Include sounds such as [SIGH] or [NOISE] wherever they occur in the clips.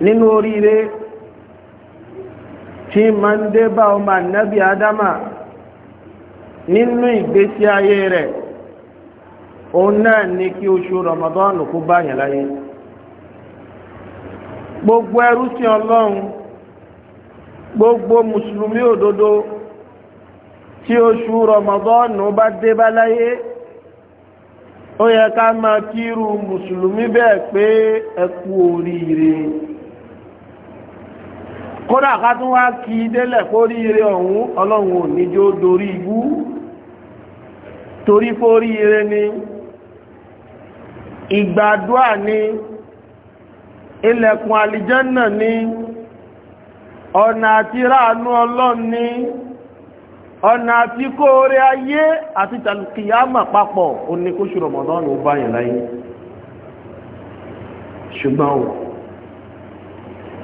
nínú oríire tí ma ń dé bá ọmọ ànábì ádámà nínú ìgbésí ayé rẹ̀ òun náà ní kí oṣù ramadan kó bá yàn láyé gbogbo ẹrú sí ọlọ́run gbogbo mùsùlùmí òdodo tí oṣù ramadan bá dé bá láyé ó yẹ ká máa kírú mùsùlùmí bẹ́ẹ̀ pé ẹ kú oríire kódà ká tún wá kí i délẹ̀ kó rí ire ọ̀hún ọlọ́run ò dorí ibú torí kó rí ire ni ìgbàdúà ni ilẹ̀kùn àlìjánà ni ọ̀nà àti ráàánú ọlọ́run ni ọ̀nà àti kó orí ayé àti tàlùkìyàmà papọ̀ ó ní kó ṣe Ramadan báyìí láyé ṣùgbọ́n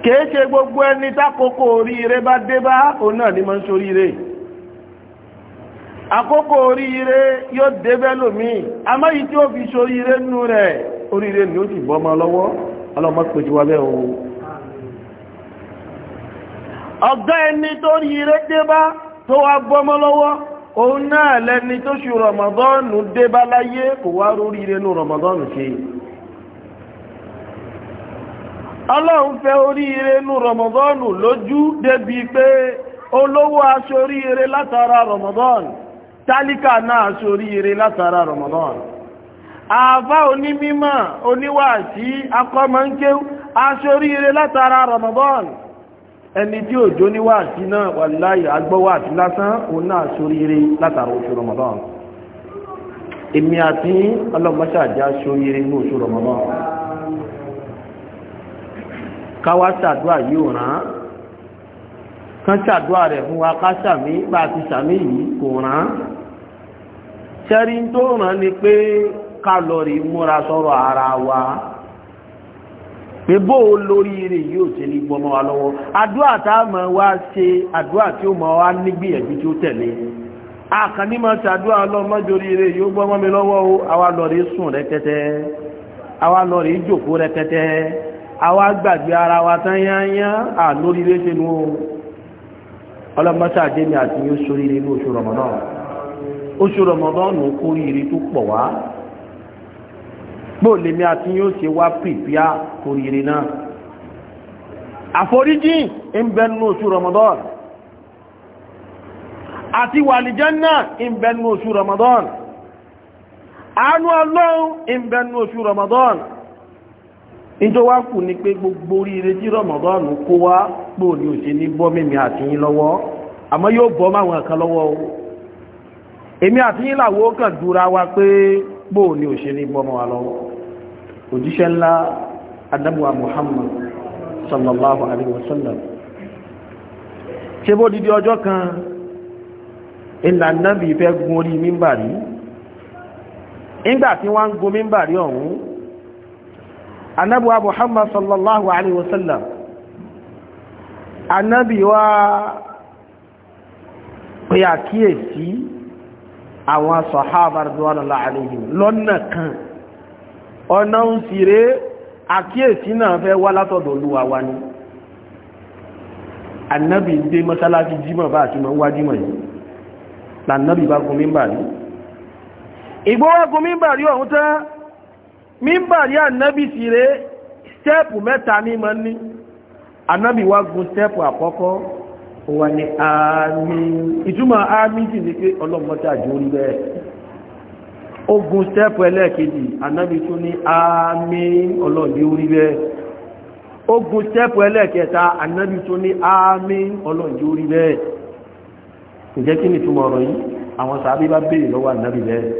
kìí gbogbo ẹni tákòókò oríire bá dé bá òun náà ni máa ń ṣoríire àkókò oríire yóò dé bẹ́lòmíì àmọ́ tí ó fi soríire nú rẹ̀ oríire ni ó sì bọ́ lọ́wọ́ ọlọ́mọ o ọ̀gá ẹni tó rí dé bá tó wá bọ́mọ́ lọ́wọ́ òun náà ọlọ́run fẹ́ oríire nú rọmọdọ́nù lójú débi pé olówó aṣọ oríire látara rọmọdọ́nù tálíkà náà aṣọ oríire látara rọmọdọ́nù àfá onímímọ̀ oníwàásí akọ́mọ́ńkéw aṣọ oríire látara rọmọdọ́nù ẹni tí òjò níwàásí náà wàláyé agbọ́wàásí lásán òun náà aṣọ oríire látara oṣù rọmọdọ́nù èmi àti ọlọ́mọṣàjá aṣọ oríire ní oṣù rọmọdọ́nù káwá ṣàdúrà yìí ò rán kán ṣàdúrà rẹ̀ fún wa ká ṣàmì bá ti ṣàmì yìí kò án ṣẹ́rí tó ràn ni pé ká lọ rí múra sọ́rọ̀ ara wa pé bó o lórí rẹ̀ yóò ṣe ní gbọmọ́ wa lọ́wọ́ àdúrà tá a máa wá ṣe àdúrà tí ó máa wá nígbìyànjú tí ó tẹ̀lé àkànní máa ṣàdúrà ọlọ́mọdórí rẹ̀ yóò gbọmọ́ mi lọ́wọ́ o àwa lọ rí sùn rẹ́kẹ́tẹ́ àwa lọ rí jòkó rẹ́kẹ́tẹ́ àwa gbàgbé ara wa tán yányán à lórí léṣe nú ọlọ́mọ́sá jẹ́mi àti yóò sórí nínú oṣù Ramadan oṣù Ramadan ò kó rírí tó pọ̀ wá gbò lèmi àti yóò ṣe wá pìpíà kó rírí náà àforíjì ń bẹ nínú oṣù Ramadan àti wàlìjánná ń bẹ nínú oṣù Ramadan àánú ọlọ́run ń bẹ nínú oṣù Ramadan níjọ́ wá kù ni pé gbogbo oríire tí Ramadan kó wá pò ní òṣè ní bọ́ mímí àti yín lọ́wọ́ àmọ́ yóò bọ́ máwọn kan lọ́wọ́ o èmi àti làwọ́ kàn dúra wa pé pò ní òṣè ní bọ́ mọ́ lọ́wọ́ òjíṣẹ́ ńlá adamuwa Muhammad sallallahu alaihi wasallam ṣe bó didi ọjọ́ kan ìlànà bí fẹ́ gun orí mímbàrí nígbà tí wọ́n ń gun mímbàrí ọ̀hún anábíwá muhammad sallallahu alaihi wasallam anábíwá pé àkíyèsí àwọn sọ̀hábà rẹ̀dọ́wọ́lọ́lá àríyìn lọ́nà kan ọ̀nà ń sì rẹ̀ àkíyèsí náà fẹ́ wá látọ̀dọ̀ olúwa wa ní annabi dé mọ́sálásí jímọ̀ bá àti mọ́ wájímọ̀ yìí lànàbì bá gùn mímbà rí ìgbówá gùn mímbà rí ọ̀hún tán mímbàrí ànábì sí rẹ̀ stẹ́ẹ̀pù mẹ́ta ní mọ́ ní ànábì wá gun stẹ́ẹ̀pù àkọ́kọ́ wà ní àmín ìtumọ̀ àmín sì ní pé ọlọ́mọta jù ń bẹ́ẹ̀ ó gun stẹ́ẹ̀pù ẹlẹ́ẹ̀kejì ànábì tún ní àmín ọlọ́ọ̀dẹ́ orí bẹ́ẹ̀ ó gun stẹ́ẹ̀pù ẹlẹ́ẹ̀kẹta ànábì tún ní àmín ọlọ́ọ̀dẹ́ orí bẹ́ẹ̀ ǹjẹ́ kí ni ìtumọ̀ ọ̀rọ̀ yìí àwọn sàábí bá béèrè lọ́wọ́ ànábì bẹ́ẹ̀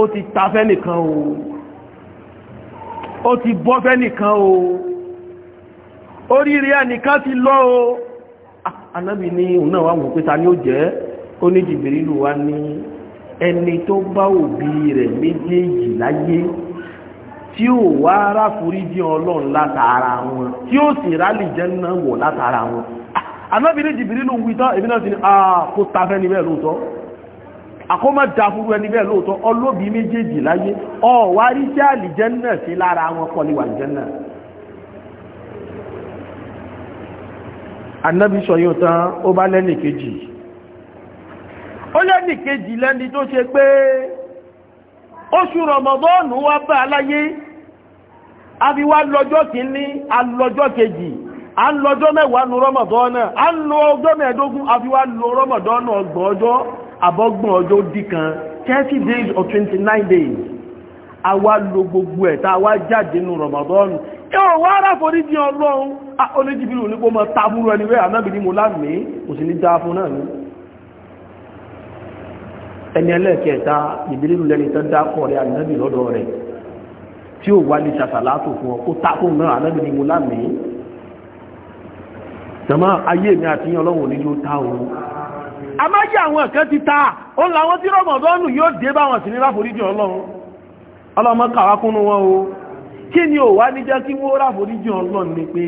ó ti ta fẹ́nìkan o ó ti bọ́ fẹ́nìkan o oríire ẹnìkan ti lọ o anábì ah, ní òun náà wà wò pé ta ni ó jẹ́ ó ní jìbìrìlù wa ní ẹni tó bá òbí rẹ̀ méjèèjì láyé tí ó wá ráforíjì ọlọ́run látara wọn tí ó sì rálì jẹ́ náà wọ̀ látara wọn anábì ah, ní jìbìrìlù wítọ́ àkọ́mọ́ da fúru ẹni bẹ́ẹ̀ lóòótọ́ ọlọ́bì méjèèjì láyé ọ̀wá rí jẹ́ àlìjẹ́nà sí lára wọn kọ́ ní wàlìjẹ́nà. anábì sọ yóò tán ó bá lẹ́nì kejì ó lẹ́nì kejì lẹ́ni tó ṣe pé oṣù rọmọdọ́ọ̀nù wá bá aláyé a fi lọ́jọ́ kìíní a kejì a ń lọ́jọ́ mẹ́wàá nu rọmọdọ́ọ̀nà a ń lọ ọjọ́ mẹ́ẹ̀ẹ́dógún a lọ rọmọdọ́ọ̀nà ọgbọ̀n ọjọ́ abọ́gbọ̀n ọjọ́ dí kan 30 days or 29 days a wá lo gbogbo ẹ̀ tá a wá jáde nù Ramadan yóò wá ráforí di ọlọ́run olójìbìrì onígbó mọ́ tabúrú ẹni wẹ́ ànábìrí mo lámìí kò sí ní dáa fún náà ní ẹni ẹlẹ́ẹ̀kẹta ìbílẹ̀ lẹ́ni tó dákọ̀ rẹ̀ ànábì lọ́dọ̀ rẹ̀ tí ó wà ní ṣàṣàlátò fún ọ kó tákò náà ànábì ni mo lámìí jọmọ́ ayé mi àti yín ọlọ́run ò ní yóò tá òun a máa yí àwọn ẹ̀kẹ́ ti ta ó ń láwọn tí rọ̀mọ̀dọ́nù yóò dé bá wọn sí ní ráforíjì ọlọ́run ọlọ́mọ kàwákúnnú wọn o kí ni ò wá ní jẹ́ kí wó ráforíjì ọlọ́run ni pé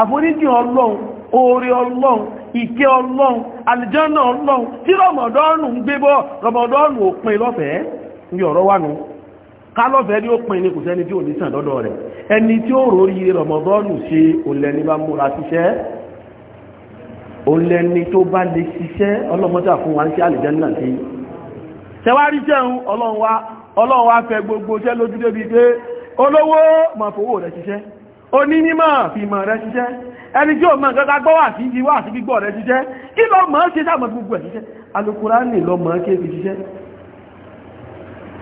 àforíjì ọlọ́run oore ọlọ́run ìkẹ́ ọlọ́run àlìjọ́nà ọlọ́run tí rọ̀mọ̀dọ́nù ń gbé bọ́ rọ̀mọ̀dọ́nù ò pin lọ́fẹ̀ẹ́ ni ó pin ni kò sẹ́ni tí ò ní sàn lọ́dọ̀ rẹ̀ ẹni tí òun lẹ́ni tó bá lè ṣiṣẹ́ ọlọ́mọ́ta fún wa ń ṣe àlìjẹ́nà tí ṣẹwárí jẹun ọlọ́run wá fẹ́ gbogbo ṣẹ́ lójú débi pé olówó ma fowó rẹ̀ ṣiṣẹ́ onímọ̀ fi mọ̀ rẹ̀ ṣiṣẹ́ ẹni tí ó mọ̀ nǹkan gbọ́ wà sí ìwà àti gbígbọ́ ṣiṣẹ́ kí lọ mọ̀ ṣe gbogbo ẹ̀ ṣiṣẹ́ alukurani lọ mọ̀ ṣe fi ṣiṣẹ́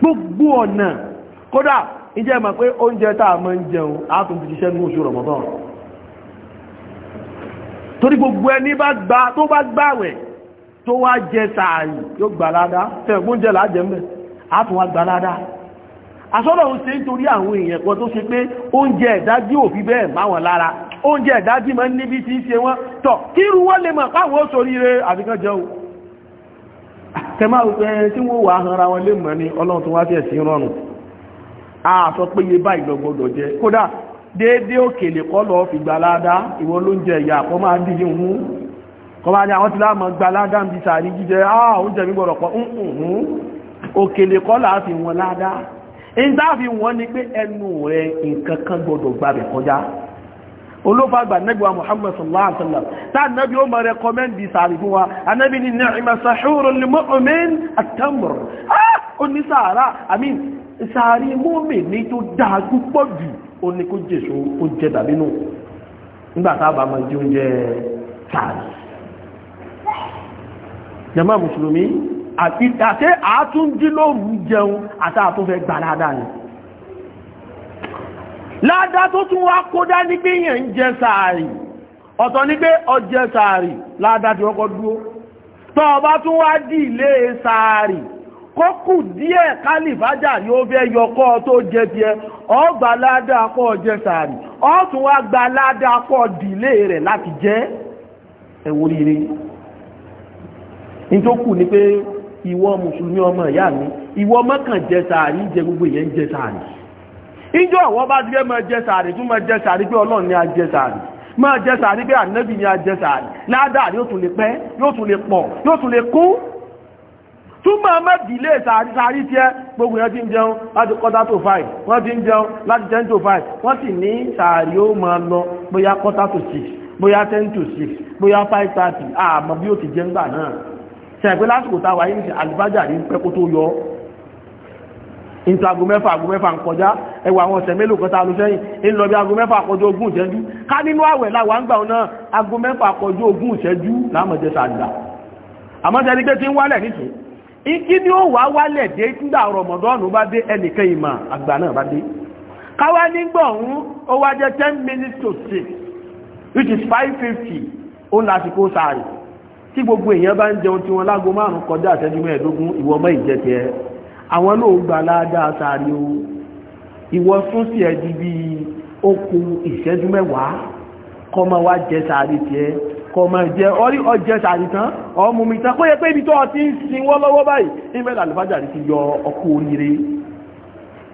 gbogbo ọ̀nà kódà ìjẹ́ mọ̀ pé oúnjẹ tá mọ̀ ń jẹun á fi ṣiṣẹ́ ní oṣù torí gbogbo ẹni bá gba tó bá gbàwẹ̀ tó wá jẹ sàárì yóò gbàládá tẹ̀gbọ́n jẹ́ láàjẹ́ mẹ́ àtún wá gbàládá àsọ́lọ̀ ń ṣe nítorí àwọn èèyàn kan tó ṣe pé oúnjẹ ẹ̀dájí ò fi bẹ́ẹ̀ bá wọn lára oúnjẹ ẹ̀dájí máa ń níbi tí í ṣe wọ́n tọ̀ kí irú wọ́n lè mọ̀ páwọn ó sorí rẹ̀ àfikán jẹ́ o tẹ́mà ẹ̀ tí wọ́n wà hanra wọn lè mọ̀ ní ọlọ́run tó wá tẹ̀ sí rọrùn a sọ pé iye báyìí lọ déédé òkèlè kọ́ lọ fi gbalada ìwọ ló ń jẹ ìyà kọ́ máa dì ní òun kọ́ máa ní àwọn tí láàmọ́ gbalada ń bí sàrí jíjẹ ah oúnjẹ mi gbọ́dọ̀ pọ̀ ń òkèlè kọ́ là á fi wọn ládá ń tá fi wọn ni pé ẹnu rẹ nǹkan kan gbọ́dọ̀ gbabẹ̀ kọjá olófà àgbà nẹ́gbà Muhammad sallallahu alaihi wasallam táà nẹ́bí ó mọ̀ rẹ́kọ́mẹ́ndì sàrí fún wa anẹ́bí ni ni'ma sahurul mu'min at-tamr ah onísàárà àmì sàárì mọ́mì ní tó ó ní kó jèso ó jẹ dàbí nù nígbà tá a bá máa jẹ oúnjẹ tààrí jàmá mùsùlùmí àti àti àtúndí lóòrù jẹun àti àtúnfẹ́ gbà dáadáa ni ládá tó tún wá kó dá ní pé yẹn ń jẹ sàárì ọ̀tọ̀ ní pé ọjẹ sàárì ládá tí wọ́n kọ́ dúró tọ́ ọba tún wá dì ilé sàárì kó díẹ̀ kálífájà ni ó fẹ́ yọ kọ́ tó jẹ tiẹ̀ ọ gba ládàá kọ́ jẹ sàárì tún wá gba ládàá kọ́ dìlé rẹ̀ láti jẹ́ ẹ̀wò rire nítòkù ni pé ìwọ mùsùlùmí ọmọ ìyá mi ìwọ mọ́kàn jẹ sàárì jẹ gbogbo ìyẹn jẹ sàárì ìjọ ọ̀wọ́ bá jẹ sàárì tún jẹ sàárì pé ọlọ́run ni a jẹ sàárì jẹ sàárì pé ni a jẹ sàárì ládàá yóò tún túmọ̀ mẹ́bìlé sàárì tí ẹ gbogbo ẹ̀ ti ń jẹun láti quarter to five wọ́n ti ń jẹun láti ten to five wọ́n sì ní sàárì ó máa lọ bóyá quarter to six bóyá ten to six bóyá five thirty àmọ́ bí ó ti jẹ́ ńgbà náà ṣẹ̀pẹ́ lásìkò táwa yìí ń ṣe àlùbájà rí pẹ́ kó tó yọ nítorí aago mẹ́fà aago mẹ́fà ń kọjá ẹwà àwọn ọ̀sẹ̀ mélòó kan tá a lọ sẹ́yìn ń lọ bí aago mẹ́fà àkọjọ ogún ìṣẹ́jú ká nínú àwẹ̀ làwọn àgbà náà aago mẹ́fà àkọjọ ogún ìṣẹ́jú làwọn ọmọ jẹ pé tí ń wálẹ̀ nítorí ikí ni ó wà wálẹ̀ dé nígbà rọmọdọ́nù bá dé ẹnìkan ìmọ̀ àgbà náà bá dé káwá nígbà ọ̀hún ó wá jẹ́ ten minutes to six which is five fifty ó ń lásìkò sáré tí gbogbo èèyàn bá ń jẹun tí wọn lágo márùn kọjá àtẹ́jú mẹ́ẹ̀ẹ́dógún ìwọ ọmọ ìjẹtẹ àwọn náà gbà ládàá sáré o ìwọ sún sí ẹ di bíi ó kù ìṣẹ́jú mẹ́wàá kọ́ máa wá jẹ sáré tiẹ̀ kọ ma jẹ orí ọjẹ́ sàrìtán ọmọmìtán kó yẹ pé ibi tó ọtí ń sin wọ́n lọ́wọ́ báyìí ìbẹ̀lẹ̀ àlùfájàrí ti yọ ọkọ̀ oníire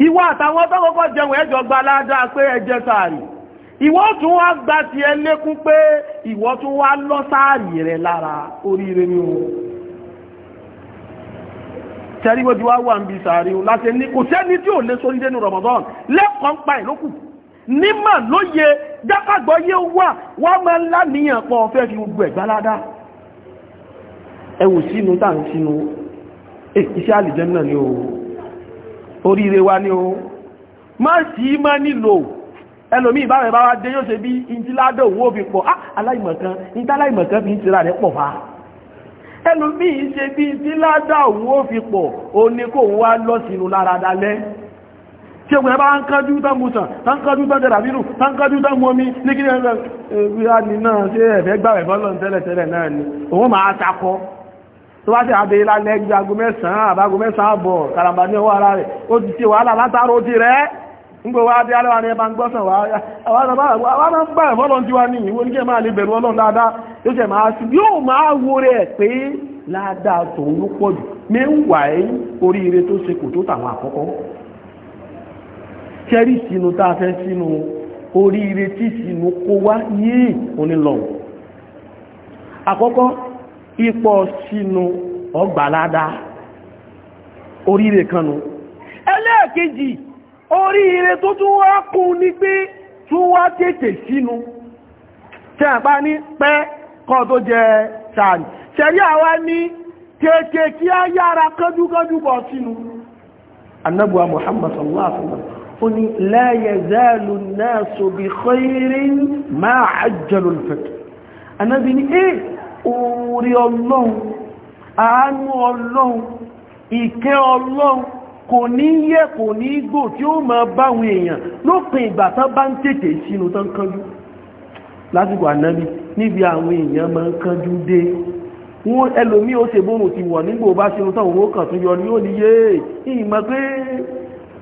ìwọ àtàwọn tó kọ́kọ́ jẹun ẹjọ́ gba ládàá pé ẹjẹ́ sàárì ìwọ tún wá gba ti ẹ lékún pé ìwọ tún wá lọ sàárì rẹ lára oríire ni o tẹ́rí gbogbo wa wà ń bi sàárì o láti ní kò sẹ́ni tí ò lé sórí dénú Ramadan lẹ́kọ̀ọ́ ń pa ìlókù nímọ̀ lóye jákàgbọ́ yé wà wọ́n máa ń láníyàn pọ̀ fẹ́ fi gbogbo ẹ̀gbá ládá ẹwù sínú tàà ń sínú eh, iṣẹ́ àlìjẹ́ náà ni o oríire wa ni o má sí má nílò ẹlòmí ìbáwẹ̀ bá wá dé yóò ṣe bí ìjìládọ̀ òun ó fi pọ̀ ah, aláìmọ̀kan ìtàláìmọ̀kan fi ń tira tí ogun ẹbá ń kájú támùsàn tánkájú tánjẹ̀dàbírù tánkájú támùomi ní kí ní ẹgbẹ̀rẹ̀ náà ṣe ẹ̀fẹ́ gbàwẹ̀ fọ́lọ́n tẹ́lẹ̀tẹ́lẹ̀ náà ni òun máa takọ́ tó bá sì àbẹ̀ ìlànà ẹgbẹ̀ ago mẹ́sàn-án àbágo mẹ́sàn-án àbọ̀ karambà ní ọwọ́ ara rẹ̀ ó ti ṣe wàhálà látàrò ti rẹ̀ ńgbò wá bí alẹ́wà ní ẹbá ń gbọ́sàn wá wá máa ń gbà ẹ̀fọ́lọ́n tí wá ní ìwò ní kí ẹ máa lè bẹ̀rù ọlọ́run dáadáa yóò ṣe máa sí yóò máa wo rẹ̀ pé ládàá tòun ló pọ̀ jù mẹ́wàá oríire tó ṣe ṣẹ́rí sínú tá fẹ́ oríire tí sínú kó wá yìí onílọ̀wọ̀ àkọ́kọ́ ipò sínú ọgbàládá oríire kanu ẹlẹ́ẹ̀kejì oríire tó tún wá kún ní pé tún wá tètè sínú tẹ́ ní pẹ́ kọ́ tó jẹ àwa ní kí á yára kánjúkánjú bọ̀ sínú annabuwa sallallahu ó ní la yazalu nnasu bi khairin ma ajjalu al-fitr anábi ní ẹ́ eh, orí ọlọ́run àánú ọlọ́run ìkẹ́ ọlọ́run kò ní yẹ kò ní gbò tí ó máa báwọn èèyàn lópin ìgbà tán bá ń tètè sínú tán kánjú lásìkò ànábi níbi àwọn èèyàn máa kánjú dé wọ́n ẹlòmí ó ṣe bóòrùn ti wọ̀ nígbò bá sínú tán òun ó kàn tún yọ ní ó ní ìmọ̀ pé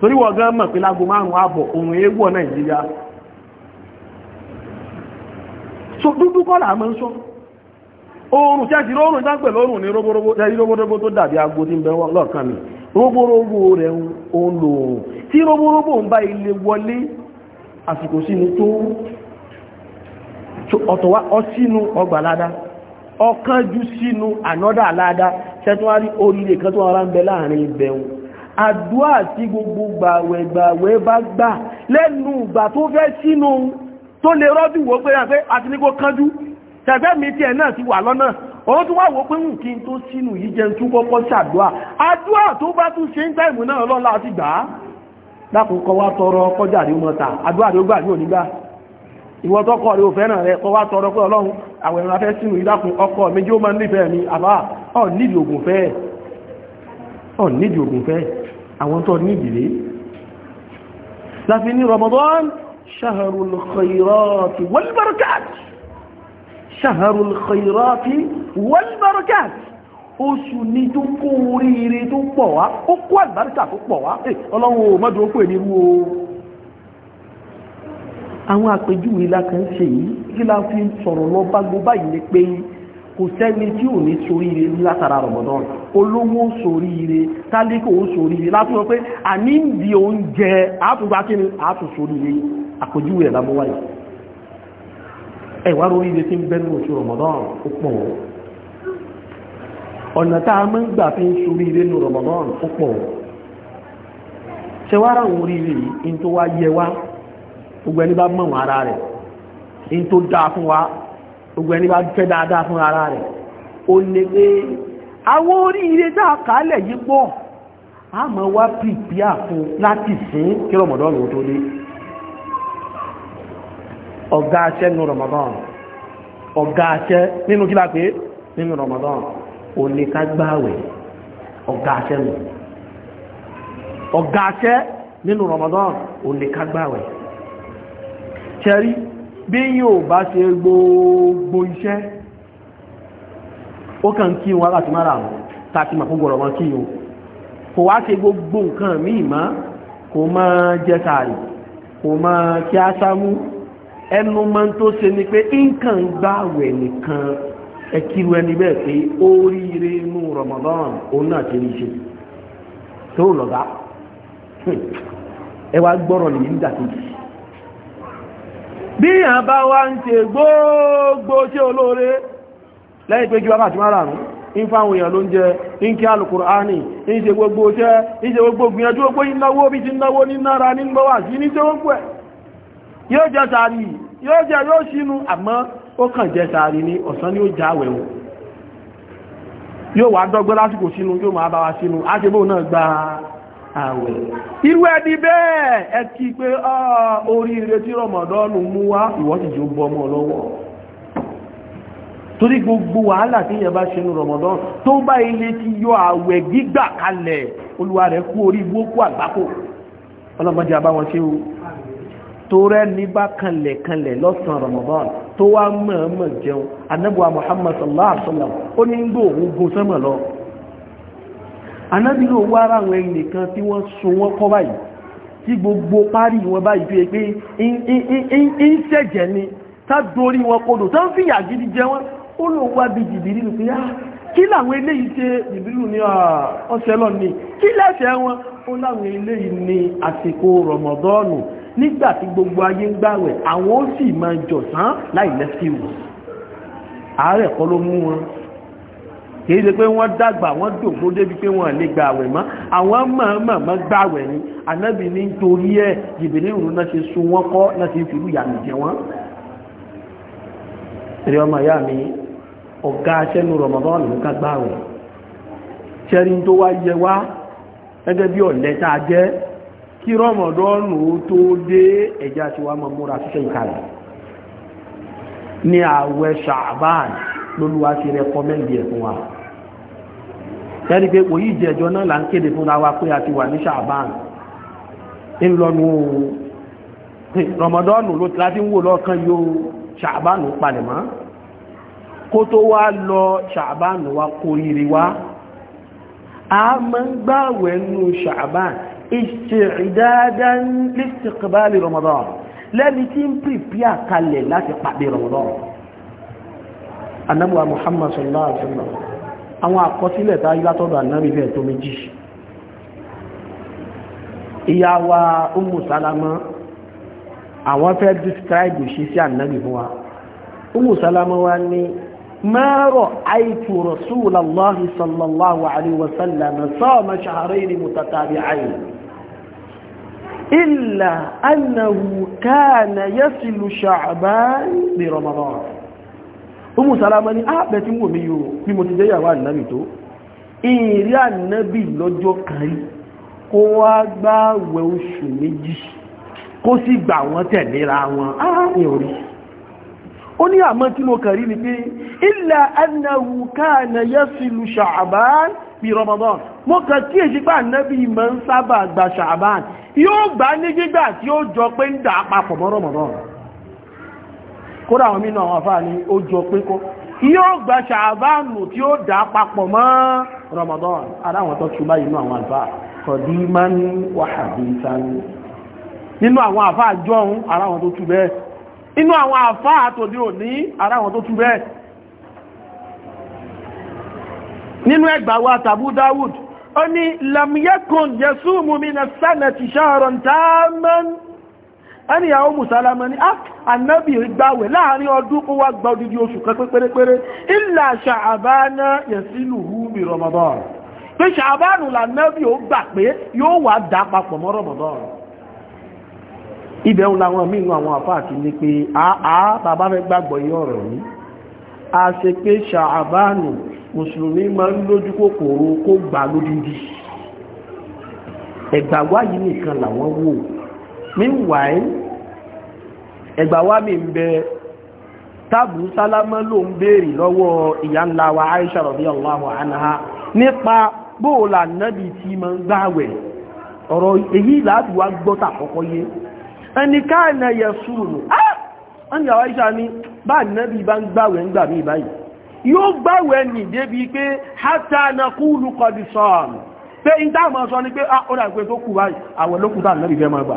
torí wọ́n gan mọ̀ pé lágbo márùn-ún àbọ̀ ohun eéwọ̀ nàìjíríà so dúdú kọ́ mọ́ ń sọ oòrùn tí a ìdágbẹ̀ dàbí agbo tí ń bẹ lọ́ọ̀kan mi roborobo rẹ̀ ń lò tí roborobo ń bá ilé wọlé àsìkò sínú tó ọ̀tọ̀wá ọgbà ládá sínú ànọ́dà ládá oríire kan tó ń bẹ láàrin àdúà tí gbogbo gbàwẹ̀gbàwẹ̀ bá gbà lẹ́nu ìgbà tó fẹ́ sínú tó lè rọ́dù wó pé àfẹ́ àti ní kó kánjú tẹ̀fẹ́ mi tí ẹ̀ náà ti wà lọ́nà òun tó wà wó pé wù kí n tó sínú yìí jẹun tún kọ́kọ́ ṣàdúà àdúà tó bá tún ṣe ń táìmù náà lọ́la àti gbà á lákòókò wá tọrọ kọjá rí mọ́ta àdúà rí ó gbà ní onígbà ìwọ tọkọ rí ò fẹ́ràn rẹ kọ wá tọrọ pé ọlọ́run àwọn ẹ̀rọ afẹ́ sínú ìdákun ọkọ méjì ó máa nífẹ̀ẹ́ mi àbá ọ̀ ògùn fẹ́ ọ̀ àwọn tó ní ìdílé láti ní Ramadan shaharul khairati wal barakat shaharul khairati wal barakat oṣù ní tó kó oríire tó pọ̀ wá ó kó àlùbáríkà tó pọ̀ wá eh, ọlọ́run ò mọ́dún pè ní wó àwọn àpèjúwe la kàn ṣe yìí kí la sọ̀rọ̀ lọ bá gbogbo báyìí ni pé kò sẹ́ni tí ò ní soríire látara Ramadan olówó soríire tálíkò ó soríire láti wọ́n pé a ní ìdí oúnjẹ àtúgbà kí ni àtú soríire àpòjúwẹ̀ lábọ́wáyé ẹ̀wà roríire tí ń bẹ́nu oṣù Ramadan ó pọ̀ ọ̀nà tá oríire yìí in tó wá yẹ gbogbo ẹni bá mọ̀ ara rẹ̀ in tó dáa fún wa gbogbo ẹni bá fẹ́ dáadáa fún ara rẹ̀ ó lè pé àwọn orí ire dáa kálẹ̀ yí pọ̀ a mọ̀ wá pìpìà fún láti sín kí rọmọdọ́nù tó lé ọ̀gá aṣẹ́ nínú rọmọdọ́nù ọ̀gá aṣẹ́ nínú kí lápé nínú rọmọdọ́nù ò ní ká gbáwẹ̀ ọ̀gá aṣẹ́ nù ọ̀gá aṣẹ́ nínú rọmọdọ́nù o ní ká gbáwẹ̀ ṣẹ́rí bí yíò bá ṣe gbogbo iṣẹ́ ó kàn kí wọn láti mára àwọn tàbí màkó gbọ́rọ̀ wọn kí o kò wá ṣe gbogbo nǹkan míì mọ́ kò mọ́ jẹ sàárì kò mọ́ kí á sámú ẹnu mọ́ tó ṣe ni pé nǹkan gbàwẹ̀ nìkan ẹkìrú ẹni bẹ́ẹ̀ pé oríire inú Ramadan òun náà ti rí ṣe tó lọ́gá ẹ wá gbọ́rọ̀ lè ní dàkejì bíyàn bá wa ń ṣe gbogbo tí olóore lẹ́yìn pé kí wá bá ti máa rà rún fáwọn èèyàn ló ń jẹ ń kí alùkùránì ṣe gbogbo iṣẹ́ gbogbo gbìyànjú ogbó ìnáwó bí ti náwó ní nára ní gbọ́wà sí ní ẹ̀ yóò sàárì àwẹ̀ irú ẹni bẹ́ẹ̀ ẹ kí pé oríire tí rọmọdọ́nù mú wá ìwọ́sìjì ó bọ́mọ lọ́wọ́ torí gbogbo wàhálà tí yẹn bá ṣe ní rọmọdán tó bá ilé ti yọ àwẹ̀ gbígbà kalẹ̀ olúwa rẹ̀ kú orí igbó kú àgbákò ọlọ́mọdé àbáwọn ṣe o tó rẹ́ ní bá kanlẹ̀ kanlẹ̀ lọ́sàn rọmọdán tó wá mọ̀ọ́mọ̀ jẹun anábọ̀ muhammad sallallahu alaihi wasallam ó ní ń gbò anábì ló wá ara àwọn ẹni nìkan tí wọ́n so wọ́n kọ́ báyìí tí gbogbo parí wọn báyìí fi pé in ṣẹ̀jẹ̀ ni tá dorí wọn kodò tá ń fìyà gidi jẹ wọn ó lò wá bí jìbìrì nù pé á ah, kí làwọn eléyìí ṣe jìbìrì ní ah, ọ̀sẹ̀ lọ ni kí lẹ́sẹ̀ wọn ó láwọn eléyìí ní àsìkò rọmọdọ́ọ̀nù nígbà tí gbogbo ayé ń gbàwẹ̀ àwọn ó sì máa jọ̀sán láì lẹ́sìn wọn àárẹ̀ kọ́ ló mú wọn kìí ṣe pé wọ́n dàgbà wọ́n dògbó débi pé wọ́n lè gba àwẹ̀ mọ́ àwọn mọ̀ọ́mọ̀ gba àwẹ̀ ni anábì ní torí ẹ̀ jìbìlì ìrùn náà ṣe sun wọ́n kọ́ náà ṣe fìlú ìyàmì jẹ wọ́n. èrè ọmọ ìyá mi ọ̀gá aṣẹ́nu rọmọdọ́ọ̀nù ló ká gbà wẹ̀ ṣẹ́ni tó wá yẹ wá gẹ́gẹ́ bí ọ̀lẹ́ tá a jẹ́ kí rọmọdọ́ọ̀nù tó dé ẹ̀já ti wá máa múra ṣiṣẹ́ ìkàlẹ̀ ní àwẹ̀ ṣàbáàn lóluwá ti rẹ kọ́mẹ́ǹdì ẹ̀ wa ẹni pé òyí ìjẹjọ náà là ń kéde fúnra wa pé a ti wà ní ṣàbán ńlọnu rọmọdọ́nù ló ti láti ń wò lọ́ọ̀kan yóò ṣàbánù palẹ̀mọ́ kó tó wá lọ ṣàbánù wa kó rírí wá a máa ń gbààwẹ̀ nínú ṣàbán isti'dadan listiqbali rọmọdọ́n lẹ́ni tí ń pìpìà kalẹ̀ láti pàdé rọmọdọ́n muhammad sallallahu àwọn àkọsílẹ̀ tá yí látọ̀dọ̀ ànábì fẹ́ tó méjì ìyá wa Ummu Salama àwọn fẹ́ describe ṣe sí ànábì fún wa Ummu Salama wa ní mẹ́rọ̀ àìtù rasúlàláhì sallallahu alaihi wasallam sọ́ọ̀mà shahrayni mutatabi'ayn illa annahu kana yasilu sha'ban bi ramadan umu salama ní ápẹ́ ah, tí wò mí yóò bí mo ti jẹ́ ìyàwó nabi tó ìrí ànábì lọ́jọ́ kan kó wá gbààwẹ̀ oṣù méjì kó sì gbà wọ́n tẹ̀léra wọn áàrin ah, orí ó ní àmọ́ tí mo kàn rí ni pé illa annahu kana yasilu sha'ban bí ramadan mo kàn kí èsì pé ànábì máa ń sábà gba sha'ban yóò gbà ní gbígbà tí ó jọ pé ń dà papọ̀ ramadan kódà àwọn mínú àwọn afá ni ó jọ pé kó yóò gba ṣàbánù tí ó dà papọ̀ mọ́ Ramadan aláwọn tó túbá inú àwọn àlfà kọ̀dímán wàhàdìsán nínú àwọn àfá àjọun aláwọn tó túbẹ̀ inú àwọn àfá àtòdí òní aláwọn tó túbẹ̀ nínú ẹgbàwà tàbú Dáwùd ó ní lamyekun yasumu mina sanati shahran taman ẹni ìyàwó mùsàlámẹ́ ní ah, ànábì gbàwẹ̀ láàrin ọdún kó wá gba odidi oṣù kan pérépéré ìlà ṣàbánà yẹ̀sílù húmi Ramadan pé ṣàbánù lànábì ó gbà pé yóò wá dá papọ̀ mọ́ Ramadan ibẹ̀ ń làwọn míì nù àwọn àfáà ti ní pé àá ah, ah, bàbá fẹ́ gbàgbọ́ yí ọ̀rọ̀ yìí mùsùlùmí máa ń lójú kòkòrò kó gbà lódindi ẹ̀gbàgbọ́ yìí nìkan làwọn wò meanwhile ẹgbà wa mi ń bẹ tábù sálámà ló ń béèrè lọ́wọ́ ìyá ńlá wa Aisha radiyallahu anha nípa bóòlà tí ma ń gbáwẹ̀ ọ̀rọ̀ èyí láti wá gbọ́ta àkọ́kọ́ yé ẹnikáàna yẹ súnmù ọ́n Aisha ni bá nábì bá ń gbáwẹ̀ ah, gbà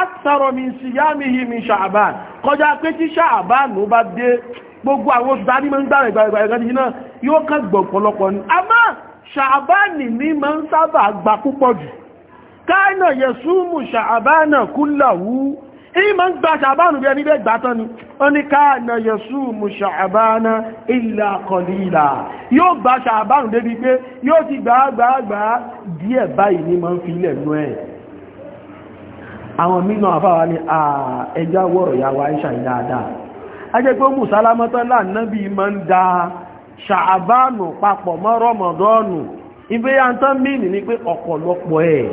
asàrọ̀ mi sí yá mi yí mi ṣàbán kọjá pé tí ṣàbán ló bá dé gbogbo àwọn oṣù dání máa ń gbàrẹ̀ ìgbàrẹ̀ ìgbàrẹ̀ yìí náà yóò kàn gbọ̀ ọ̀pọ̀lọpọ̀ ni àmọ́ ṣàbán ní máa ń sábà gbà púpọ̀ jù káànà yẹ súnmù ṣàbán kúláwú ìyí máa ń gba ṣàbán bí ẹni bẹ́ẹ̀ gbà ni àwọn mínú àfáwà ní ẹjọ́ wọ́rọ̀ ya wa Aisha dáadáa ajẹ́gbẹ́ mùsálámọ́tọ́lá náàbí ma ń da ṣàbánù papọ̀ mọ́ rọmọdọ́nù ibẹ́ ya ń tán mìnì ní pé ọ̀pọ̀lọpọ̀ ẹ̀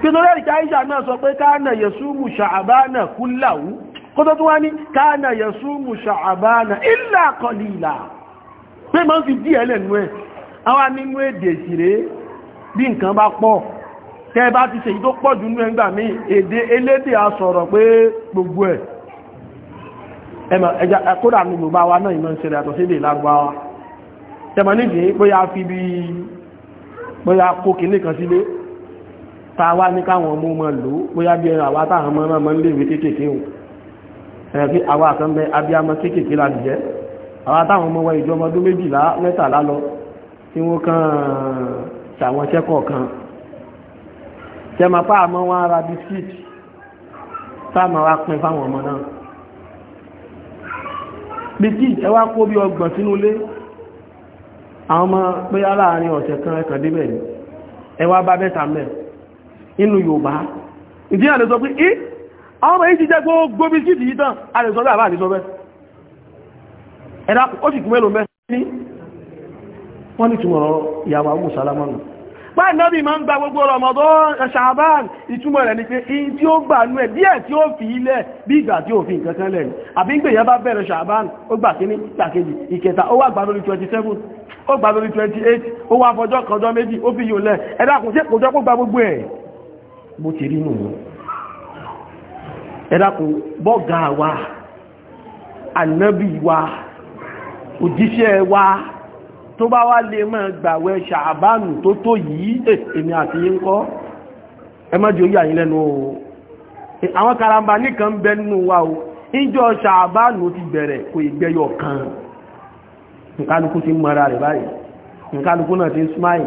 kí lórí ẹ̀ríkà Aisha náà sọ pé káànà yẹ̀súmù ṣàbánà kúláwú kó tó tún wá ní káànà yẹ̀súmù ṣàbánà ìlà pé ma fi díẹ̀ lẹ́nu ẹ̀ àwọn èdè bí nǹkan bá pọ̀ tẹ́ bá ti ṣe yìí tó pọ̀ jù nínú ẹgbà mí èdè elédè a sọ̀rọ̀ pé gbogbo ẹ̀ ẹmọ ẹja kódà ní gbogbo àwa náà ìmọ̀ ìṣẹ̀lẹ̀ àtọ̀ sí èdè lágbàáwa tẹmọ nídìí bóyá fi bí bóyá kó kìíní kan sílé ta wá ní káwọn ọmọ ọmọ lò bóyá bí ẹ̀rọ pé la jẹ́ àwa táwọn ọmọ wa ìjọ ọmọdún méjìlá jẹmọ pa àmọ́ wọn ara biskit táàmà wa pín fáwọn ọmọ náà biskit ẹ wá kó bí ọgbọ̀n sínú ilé àwọn ọmọ pé aláàárín ọ̀sẹ̀ kan ẹkàn débẹ̀ ni ẹ wá bá bẹ́ta mẹ́ inú Yorùbá ìdí àlè sọ pé ẹ àwọn ọmọ yìí ti jẹ́ gbogbo biskit yìí tán àlè sọ bẹ́ẹ̀ àbá àlè sọ bẹ́ẹ̀ ẹ̀dá ó sì kú mélòó mẹ́ ní wọ́n ní túmọ̀ ìyàwó àwùsálámọ́nù pẹ́ náàbì máa ń gba gbogbo Ramadan Ṣàbán eh, ìtumọ̀ rẹ̀ ni pé in tí ó gbà nú ẹ̀ díẹ̀ tí ó fi ilẹ̀ bí ìgbà tí ó fi nǹkan kan lẹ̀ àbí ń gbèyàn bá bẹ̀rẹ̀ Ṣàbán ó gbà kí ní ìtàkejì ìkẹta ó wà gbà lórí 27 ó gbà lórí 28 ó wà fọjọ́ kanjọ́ méjì ó fi yóò lẹ̀ ẹ̀dàkùn tí kò jọ kó gba gbogbo ẹ̀ bó ti rí nù ẹ̀dàkùn bọ́gà wa ànábì wa òjíṣẹ́ wa tó bá wá lè mọ́ gbàwẹ̀ ṣàbánù tó tó yìí eh, èmi àti yí ń kọ́ ẹ má jẹ́ oyí àyín lẹ́nu o eh, àwọn karamba nìkan bẹ nínú wa o ìjọ ṣàbánù ti bẹ̀rẹ̀ kò ìgbẹ́yọ̀ kan nkálukú ti mara rẹ̀ báyìí nkálukú náà ti ń smile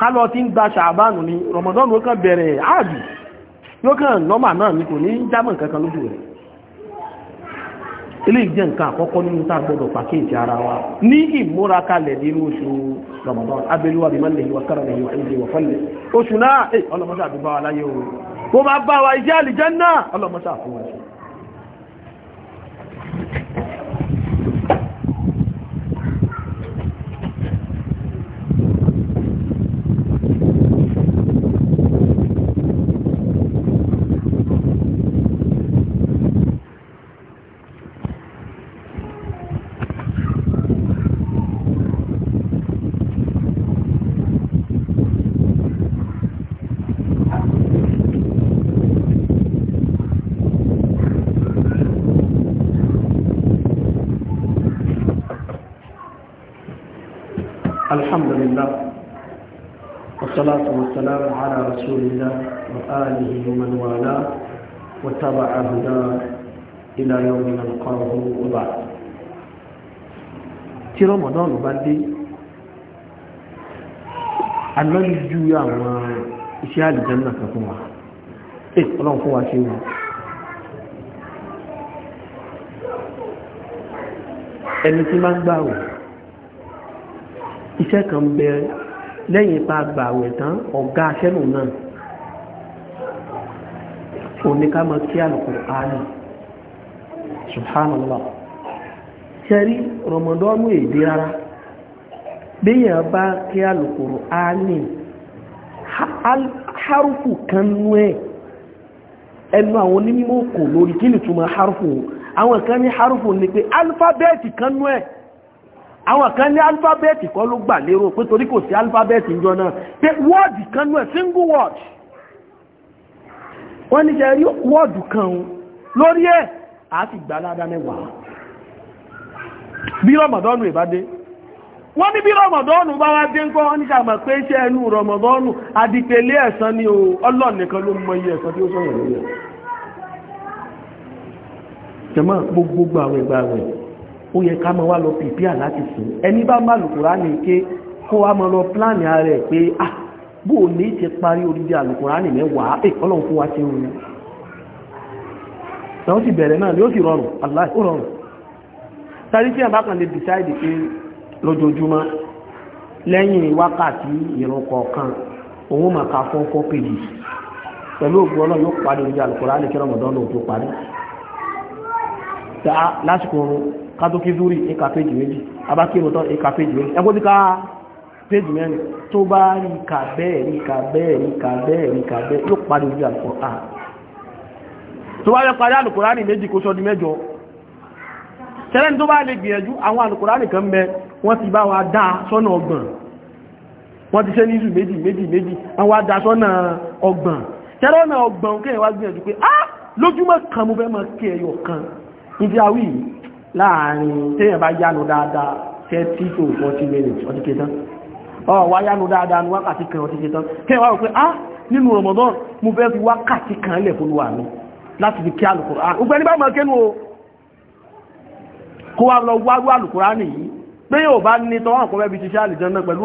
kálọ̀ tí ń gba ṣàbánù ni Ramadan ló kàn bẹ̀rẹ̀ ààbì ló kàn nọ́mà náà ni kò ní jámọ̀ kankan lójú rẹ̀ ilé ìjẹ́ nǹkan àkọ́kọ́ nínú tá gbọ́dọ̀ pàkéèjì ara wa ní ìmúra kalẹ̀ nínú oṣù Ramadan abẹ́lúwà bí mọ́lẹ̀ ìwà kára ìwà ìdí ìwà fọ́lẹ̀ oṣù náà eh, ọlọ́mọṣà àdúgbò aláyé o bó bá bá wa iṣẹ́ àlìjẹ́ náà ọlọ́mọṣà àfihàn الحمد لله والصلاة والسلام على رسول الله وآله ومن والاه واتبع هداه إلى يوم نلقاه وبعد tí Ramadan bá dé alọ́jú àwọn iṣẹ́ àlìjẹ́nà kan fún wa ẹ̀ ọlọ́run fún wa ṣe wọn ẹni tí máa ń gbà wọ̀ iṣẹ́ kan bẹ lẹ́yìn ipa gbàwẹ̀ tán ọ̀gá aṣẹ́nù náà òní ká máa kí Al-Kùránì subhanallah ṣẹ́rí rọmọdọ́nù èdè rárá béèyàn bá kí Al-Kùránì harufu kan nú ẹ̀ ẹnu àwọn onímọ̀ kò lórí kí ni túmọ̀ harufu àwọn kan ní harufu ni pé alifábẹ́ẹ̀tì kan nú àwọn kan ní alifábẹ́ẹ̀tì kọ́ ló gbà lérò pé torí kò sí alifábẹ́ẹ̀tì ń jọ náà pé wọ́ọ̀dì kan náà single word wọ́n ní ṣe rí wọ́ọ̀dù kan lórí ẹ̀ a ti gbà ládá mẹ́wàá bí rọmọdọ́nù ìbádé wọ́n ní bí rọmọdọ́nù bá wá dé ń kọ́ wọ́n ní ṣàmà pé iṣẹ́ ẹnu rọmọdọ́nù àdìpẹ̀lé ẹ̀san ni o Ọlọ́run nìkan ló mọ iye ẹ̀san tí ó sọ̀rọ̀ lórí ẹ̀ ó yẹ ká máa wá lọ pìpíà láti sìn ẹni bá má lùkùránì ké kó wá máa lọ pláàni ara pé ah bó o ní ti parí odidi àlùkùránì mẹ́wàá ẹ̀ eh, ọlọ́run fún wa ti rún un náà ó sì bẹ̀rẹ̀ náà ni ó sì rọrùn aláì ó rọrùn sáré tí àbá kan lè decide pé lójoojúmọ́ lẹ́yìn wákàtí ìrun kọ̀ọ̀kan òun máa ka fún four pages lásìkò oorun kátó kí zúrì ìka péjì méjì abákírò tán ìka péjì méjì ẹgbó tí ká péjì mẹ́rin tó bá rí ìka bẹ́ẹ̀ rí ìka bẹ́ẹ̀ rí ìka bẹ́ẹ̀ rí ìka bẹ́ẹ̀ yóò parí ojú Al-Qur'an tó bá yẹ parí Al-Qur'an méjì kó sọ́dí mẹ́jọ tẹ́lẹ̀ tó bá lè gbìyànjú àwọn Al-Qur'an kan bẹ wọ́n ti bá wa dá sọ́nà ọgbọ̀n wọ́n ti ṣe ní ìsù méjì méjì méjì wọ́n wá dá sọ́nà ọgbọ̀n tẹ́lẹ̀ ọ̀nà ọgbọ̀n kéèyàn wá gbìyànjú pé ah lójúmọ́ kan mo fẹ́ mọ́ kí ẹyọ kan ìdí àwí yìí láàrin téèyàn bá yánu dáadáa thirty to forty minutes ọtí ké tán ọ wá yánu dáadáa ní wákàtí kan ọtí ké tán téèyàn wá rò pé ah nínú Ramadan mo fẹ́ fi wákàtí kan lẹ̀ fún wa mi láti fi kí Al-Qur'an ògbẹ́ni bá mọ̀ kénu o kó wá lọ wáwú Al-Qur'an nìyí pé yóò bá ní tọ́wọ́n kọ́ bẹ́ẹ̀ fi ṣiṣẹ́ àlìjọ náà pẹ̀lú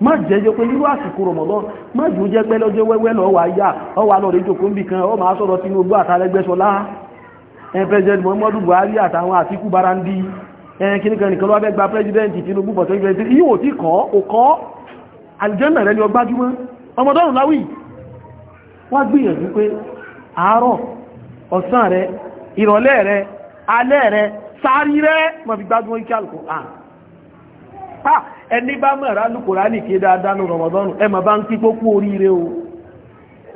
má jẹ́jẹ́ pé irú àsìkò rọ̀mọ̀lọ́ má jù jẹ́ pé lọ́jọ́ wẹ́wẹ́ lọ wà yá ọwà lọ rí jòkó níbi kan ọ máa sọ̀rọ̀ Tinubu àtàrẹgbẹ́sọlá president Muhammadu Buhari àtàwọn Àtíkù Báràndì kíníkan nìkan lọ́wọ́ gba president Tinubu bọ̀tọ̀ ìgbẹ̀rẹ̀ yíò tí kọ́ òkọ́ àlìjẹ́nà rẹ̀ ni ọgbá júmọ́ ọmọdọ́rùn láwì wá gbìyànjú pé àárọ̀ ọ̀sán rẹ̀ ìrọ̀lẹ́ rẹ̀ alẹ́ rẹ̀ sáárí rẹ̀ mọ̀ fi gbájúmọ́ ikẹ́ àlùkò ẹni bá mọ̀ra lùkùránì kí dáadáa ní rọmọdọ́nù ẹ mọ̀ bá ń kí pókú oríire o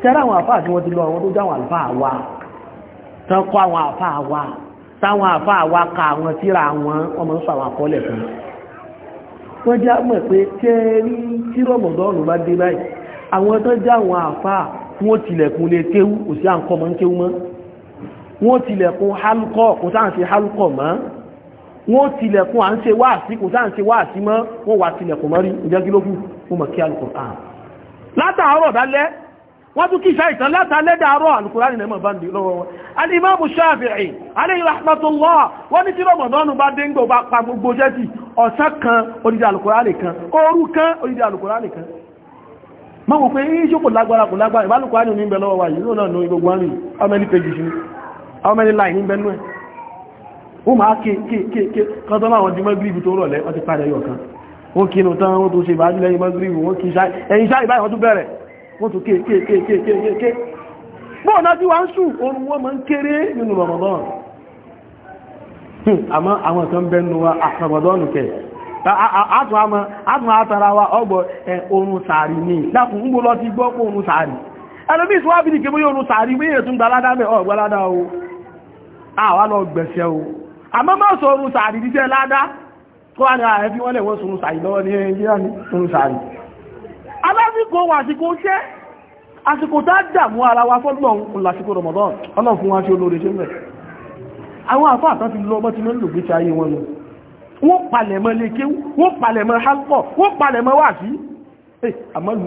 tẹ́rẹ́ àwọn àfáà tí wọ́n ti lọ àwọn tó jáwọn àfáà wa tán kọ́ àwọn àfáà wa táwọn àfáà wa ka àwọn tíra àwọn ọmọ ń sọ àwọn àkọọ́lẹ̀ fún wọ́n já mọ̀ pé kẹ́rí tí rọmọdọ́nù bá dé báyìí àwọn tó jáwọn àfáà wọ́n tilẹ̀kùn lè kéwú kò sí à ń kọ́ mọ́ ń kéwú mọ́ wọ́n tilẹ̀kùn hálùkọ́ kò sáà ń ṣe hálùkọ́ mọ́ wọ́n tilẹ̀kùn à ń ṣe wáàsí kò sáà ń ṣe wáàsí mọ́ wọ́n wà tilẹ̀kùn mọ́rí ìjẹ́gílógún fún mọ̀ kí alùkùránì látàárọ̀ dálẹ́ wọ́n tún kí ṣáìtàn látàálẹ́ dàárọ̀ alùkùránì nẹ́mọ̀ bá ń dì lọ́wọ́ wọn alìmọ́mù Ṣáfi'í alayhi rahmatullah wọ́n ní tí rọmọdọ́nù bá dé ń gbò bá pa gbogbo jẹ́ sí ọ̀sán kan odidi alùkùránì kan òru kan odidi alùkùránì kan ma wò pé yíṣò kò lágbára kò lágbára ìbálùkùránì ó máa kéèkéèké ke ke ke di tó rọ̀lẹ́ wọ́n ti yọ kan tán wọ́n tó ṣe wọ́n kí ẹ̀yìn ìbáyìí wọ́n tó bẹ̀rẹ̀ wọ́n tó sàárì tún àmọ́ mọ́ sọ̀rọ̀ sàárì díṣẹ́ ládá kó wà ní ààrẹ ah, bí wọ́n lè wọ́n sọ̀rọ̀ sàárì lọ́wọ́ ní Nàìjíríà ní sọ̀rọ̀ sàárì alásìkò wà àsìkò iṣẹ́ àsìkò tá dàmú ara wa fọ́lọ́n lásìkò Ramadan ọlọ́n fún wa tí olóore ṣe mẹ́ àwọn àfáà tán ti lọ ọmọ tí mẹ́lò gbé ṣayé wọn lọ wọ́n palẹ̀mọ́ lékè wọ́n palẹ̀mọ́ hálpọ̀ wọ́n palẹ̀mọ́ wà sí àmọ́ ìlú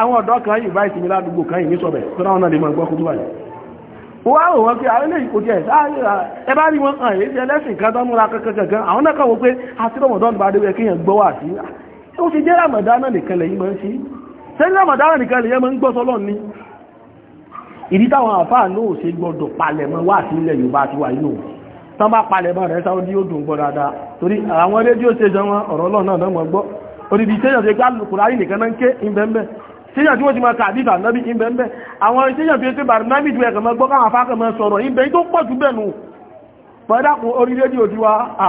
àwọn ọ̀dọ́ kan yìí báyìí tìmí ládùúgbò kan yìí ní sọ̀bẹ̀ tó náà náà lè mọ̀ gbọ́kú tó wà yìí wá rò wọ́n pé àwọn ah, eléyìí kò jẹ́ ah, ẹ bá rí wọn hàn ah, èyí tí ẹlẹ́sìn kan tó múra kankan àwọn náà kàn wọ́n pé àti rọmọdán bá dé kéèyàn gbọ́ wà sí ó ti jẹ́ ramadan náà nìkan lẹ́yìn máa ń ṣe sẹ́yìn ramadan nìkan lẹ́yìn máa ń gbọ́ sọ́lọ́ ni ìdí táwọn àfáà náà ó dùn gbọ́ dáadáa torí gbá lùkùrá nìkan náà ń ké ìbẹ̀m̀bẹ̀ tíyàn tí wọ́n ti máa tàbíbà náàbí ìbẹ̀ẹ́bẹ̀ àwọn tíyàn fi ṣe bàrí náàbí ìdúwẹ̀ kẹmọ gbọ́kà àfákẹmọ sọ̀rọ̀ ìbẹ̀ tó pọ̀ jù bẹ̀nu pẹ̀dàkùn orí rédíò tí wá à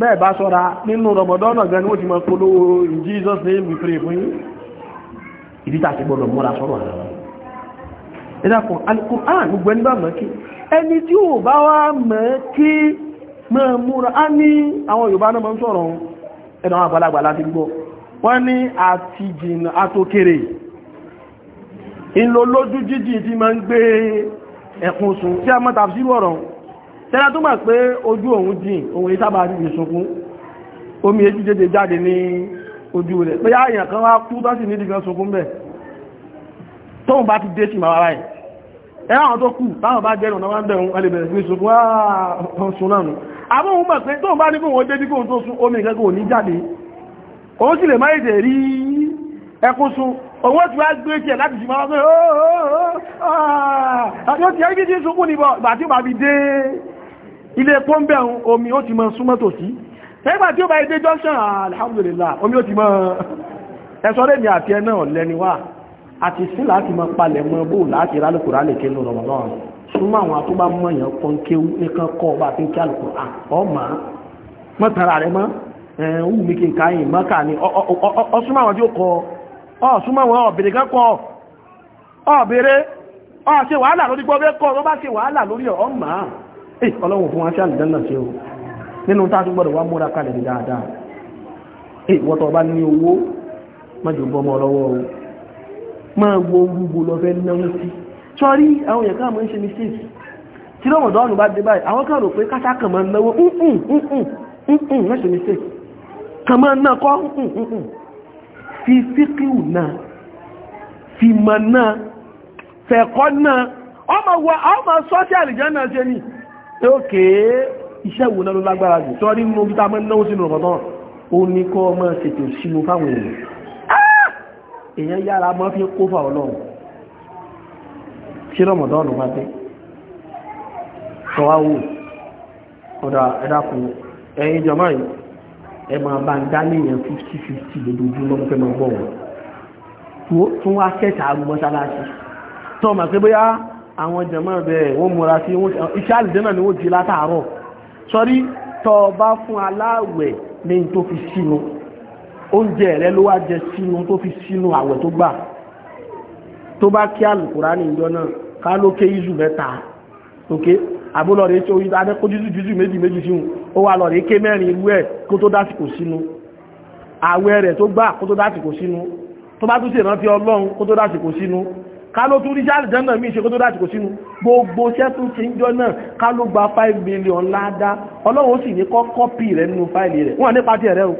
bẹ́ẹ̀ bá sọ́ra nínú rọmọdọ́nà gan ni wọ́n ti máa polówó in Jesus name we pray fún ìdí tàbí gbọ́dọ̀ mọ́ra sọ́rọ̀ àwọn ẹ̀dàkùn alukur'an gbogbo ẹni bá mọ̀ kí ẹni tí ò bá wá mọ̀ kí mọ̀ múra á ní àwọn Yorùbá náà mọ̀ ń sọ̀rọ̀ ẹ̀nà àgbàlagbà láti gbọ́ wọ́n ní àtìjìnà àtòkèrè ìlò lójú jíjì tí ma ń gbé ẹkùn sùn tí a mọ́ tàbí ọ̀rọ̀ tẹ́lá tó mọ̀ pé ojú òun jìn òun ìsábà rí ìsunkún omi èjì jẹ́jẹ jáde ní ojú rẹ̀ pé àyàn kan wá kú tọ́sí ní ìdíkan sunkún bẹ̀ tóun bá ti dé sí màwárá ẹ̀ ẹ̀rọ àwọn tó kù táwọn bá jẹ́rùn náà wá ń bẹ̀rùn alẹ́bẹ̀rẹ̀ sí sunkún wá sun náà nù àmọ́ òun mọ̀ pé tóun bá ní kóun ó dé bí kóun tó sun omi ìkẹ́kọ̀ọ́ ní jáde òun sì lè má èdè rí ẹkún sun owó tí wá gbé jẹ láti ṣùgbọ́n wọ́n pé ooo oh, oh, oh, ah. ti ẹgbẹ́ tí sunkún níbọ̀ ìgbà tí ó bá fi dé ilé pọ́ńbẹ̀ omi ó ti mọ súnmọ́ tòsí ẹgbà tí ó bá dé junction alhamdulillah omi ó ti mọ [LAUGHS] ẹsọ́ rẹ̀ mi àti ẹ̀nà ọ̀lẹ́ni wá àti sí láti mọ palẹ̀ mọ bóò láti rà lùkùrá lè ké ló Ramadan súnmọ́ àwọn tó bá mọ̀yàn kan kéwú nìkan kọ́ ọba àti kí alùkùrá ọmọ mọ́tara mọ́ ẹ̀hún ọ̀súnmọ́ wọn ọ̀bẹ̀rẹ̀ kẹ́kọ́ ọ̀bẹ̀rẹ̀ ọ̀ṣe wàhálà lórí gbọ́gbẹ́ kọ́ tó bá ṣe wàhálà lórí ọmọ eh, ọlọ́run fún wáṣẹ́ àlùdánà ṣe o nínú táàtù gbọ́dọ̀ wá múra kalẹ̀ ní dáadáa eh, ìwọ́tọ̀ bá ní owó mọ́jọ bọ́mọ o máa gbó gbogbo lọ fẹ́ náwó sí sọ́rí àwọn èèyàn káàmù ń ṣe mistakes tí lọ́wọ́n dọ́ọ̀nù bá dé báyìí àwọn kan rò pé káṣá kàn máa náwó ń ń ń ń ń ń ń ń ń ń fi fíkíù náà fi mọ̀ náà fẹ̀kọ́ náà ọmọ wà ọmọ sọ́ṣẹ́lì jẹ́ náà ṣe ní ókè iṣẹ́ wo náà ló lágbára jù tọ́ rí mú gítà mọ́ náà sínú ọ̀pọ̀tán ó ní kọ́ ọmọ ṣètò sínú fáwọn èèyàn ah! ẹ máa bá ń dá léèyàn fifty fifty lójoojúmọ́ mo fẹ́ máa gbọ́ wọn tún wá kẹta mọ́ṣáláṣí tó mọ̀ pé bóyá àwọn jẹ̀mọ́ bẹ̀ wọ́n múra sí iṣẹ́ àlìjẹ́nà ni wọ́n ti látàárọ̀ sọ́rí tọ́ bá fún aláàwẹ̀ ní tó fi sínú oúnjẹ rẹ̀ ló wá jẹ sínú tó fi sínú àwẹ̀ tó gbà tó bá kí àlùkùrá ní ìjọ náà ká lókè ìzù mẹ́ta okay àbólọ́rẹ̀ tí ó yí adẹ́kó jújù jújù méjì méjì síhun ó wà lọ́rẹ̀ ké mẹ́rin irú ẹ̀ kó tó dásìkò sínú àwẹ̀ rẹ̀ tó gbà kó tó dásìkò sínú tó bá tún ṣèrántí ọlọ́run kó tó dásìkò sínú ká ló tún ríṣà àlìjánà míì ṣe kó tó dásìkò sínú gbogbo iṣẹ́ tó ṣe ń jọ náà ká ló gba 5 million ládá ọlọ́run ó sì ní kọ́ kọ́pì rẹ̀ nínú fáìlì rẹ̀ wọ́n nípa tiẹ̀ rẹ̀ o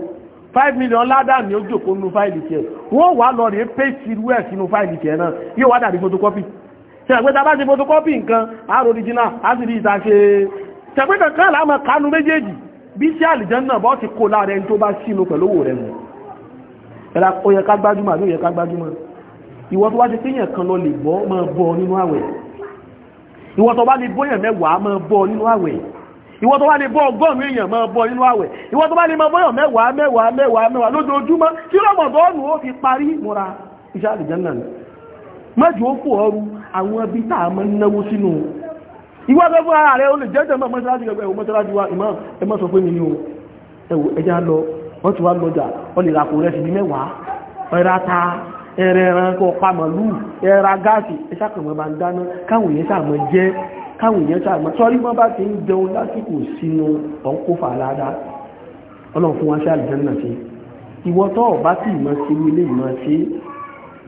5 million ládá ni ó jòkó nínú fáìlì tiẹ̀ wọ́n wà lọ rèé pé tirú ẹ̀ sínú fáìlì tiẹ̀ náà yóò wá dàbí photocopy tẹ̀gbẹ́ta bá ṣe photocopy nǹkan àrò original a sì rí ìtàṣe tẹ̀gbẹ́ta kan láàmà kánú méjèèjì bí sí àlìjẹ́ náà bọ́ ti kó láàrẹ tó bá sínú pẹ̀lówó rẹ̀ mú ẹ̀lá ó yẹ ká gbájúmọ̀ àbí ó yẹ ká gbájúmọ̀ ìwọ tó wá ṣe kéèyàn kan lọ lè bọ́ máa bọ́ nínú àwẹ̀ ìwọ tó bá lè bóyàn mẹ́wàá máa bọ́ nínú àwẹ̀ ìwọ tó bá lè bọ́ ọgọ́rùn-ún èèyàn máa bọ́ nínú àwẹ̀ ìwọ tó bá lè máa bọ́yàn mẹ́wàá mẹ́wàá mẹ́wàá lójoojúmọ́ tí rọ̀mọ̀dọ́ọ̀nù ó fi parí mọ́ra iṣẹ́ àlìjẹ́ náà mọ́jú ó fò ọrú àwọn ibi tá a mọ́ náwó sínú ìwọ́ ọgbẹ́gbẹ́ ara rẹ̀ ó lè jẹ́ jẹ́mọ́ mọ́sálásí ẹgbẹ́ ẹ̀wọ̀ mọ́sálásí wa ìmọ̀ o ẹ̀wọ̀ ẹja lọ wọ́n ti wá lọ́jà wọ́n lè ràpò rẹ̀ sí ní mẹ́wàá ẹ̀rà ta ẹ̀rẹ̀ ẹran kọ pa màlúù ẹ̀rà gáàsì ẹ̀ṣà kan mọ́ bá ń dáná káwọn èèyàn sàmọ́ jẹ́ káwọn èèyàn sàmọ́ sọ́rí wọ́n bá ti ń jẹun lásìkò sínú ọ̀nkófà aláda ọlọ́run fún wa ṣe àlùjẹ́ náà ṣe ìwọ́tọ́ ọ̀bá sì mọ́ sí ilé ìmọ̀ ṣe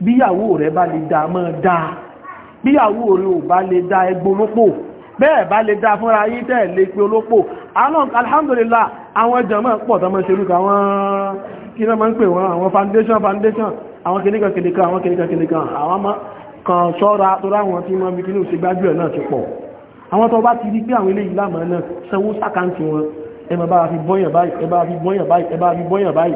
bíyàwó rẹ̀ bá lè dá mọ́ dáa bíyàwó rẹ̀ ò bá lè dá ẹgbẹ́ olópò bẹ́ẹ̀ bá lè dá fúnra yí tẹ́ lè pé olópò alhamdulillah àwọn jàmáà pọ̀ tọ́mọ́ ṣerúkà wọ́n kí náà máa ń pè wọ́n àwọn foundation foundation àwọn kìníkà kìníkà àwọn kìníkà kìníkà àwọn kan ṣọ́ra tó ráwọn tí wọ́n bí kí ní òṣè gbájú ẹ̀ náà ti pọ̀ àwọn tó bá ti rí pé àwọn ilé ìlàmọ̀ náà sanwó sákàntì wọn ẹ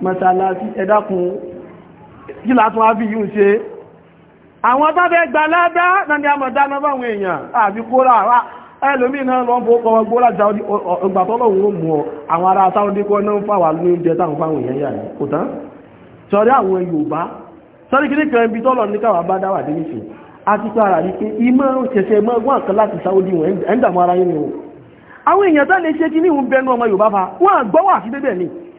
mọ́sálásí ẹ̀dàkùn kí látún àfi yíò ṣe àwọn bá bẹ́ gbà ládá náà ni a mọ̀ dáná báwọn èèyàn àbí kóra ẹlòmínà lọ bó kọ gbóra ìgbàtọ́lọ̀wò mú ọ àwọn ará sáwọ́dé kọ́ náà fàwà ní oúnjẹ táwọn fáwọn èèyàn yà ní kò tán sọ́rí àwọn Yorùbá sọ́rí kí ní kan ibi tọ́lọ̀ ní káwà bá a ti pààrà ní ni o àwọn èèyàn tá lè ṣe kí ní ìhun bẹnu ọmọ Yorùbá fa wọ́n gbọ́wọ́ àti bẹ́bẹ̀ ni